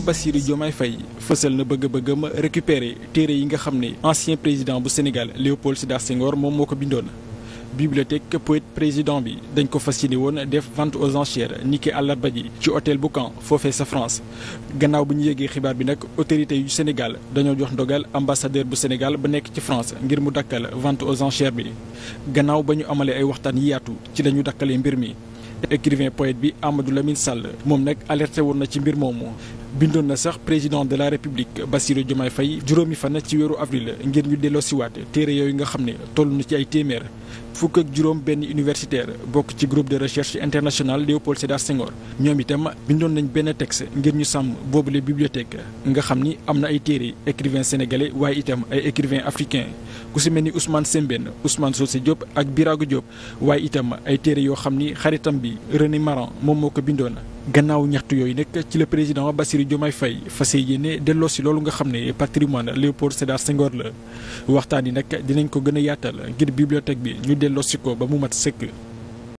président Bassirou Diomaye Faye fësal na bëgg ma récupérer téere yi nga xam ne ancien président bu Sénégal Léopold Sédar Senghor moom moo ko bindoon. bibliothèque poète président bi dañ ko fas yéene woon def vente aux enchères niki àllarba ji ci hôtel bu Caen foofe sa France gannaaw bu ñu yégee xibaar bi nag autorité yu Sénégal dañoo jox ndogal ambassadeur bu Sénégal ba nekk ci France ngir mu dakkal vente aux enchères bi gannaaw ba ñu amalee ay waxtaan yi yaatu ci la ñu dakkalee mbir mi. écrivain poète bi Amadou Lamine Sall moom nag alerté woon na ci mbir moomu bindoon na sax président de la république Bassirou Diomaye fay juróomi fan ci weeru avril ngir ñu delloo siwaat téere yooyu nga xam ne toll na ci ay téeméer fukk ak juróom benn universitaire bokk ci groupe de recherche international Léopold Sédar Senghor ñoom itam bindoon nañ benn texte ngir ñu sàmm boobule bibliothèque nga xam ni am na ay téere écrivain sénégalais waaye itam ay écrivain africain ku si mel ni Ousmane Sembène Ousmane Socé Diop ak Birago Diop waaye itam ay téere yoo xam ni xaritam bi René Maran moom moo ko bindoon gannaaw ñaxtu yooyu nag ci la président Bassirou Diomaye Faye fas yéene delloo si loolu nga xam ne patrimoine Léopold Sédar Senghor la waxtaan yi nag dinañ ko gën a yaatal ngir bibliothèque bi ñu delloosi ko ba mu mat sëkk.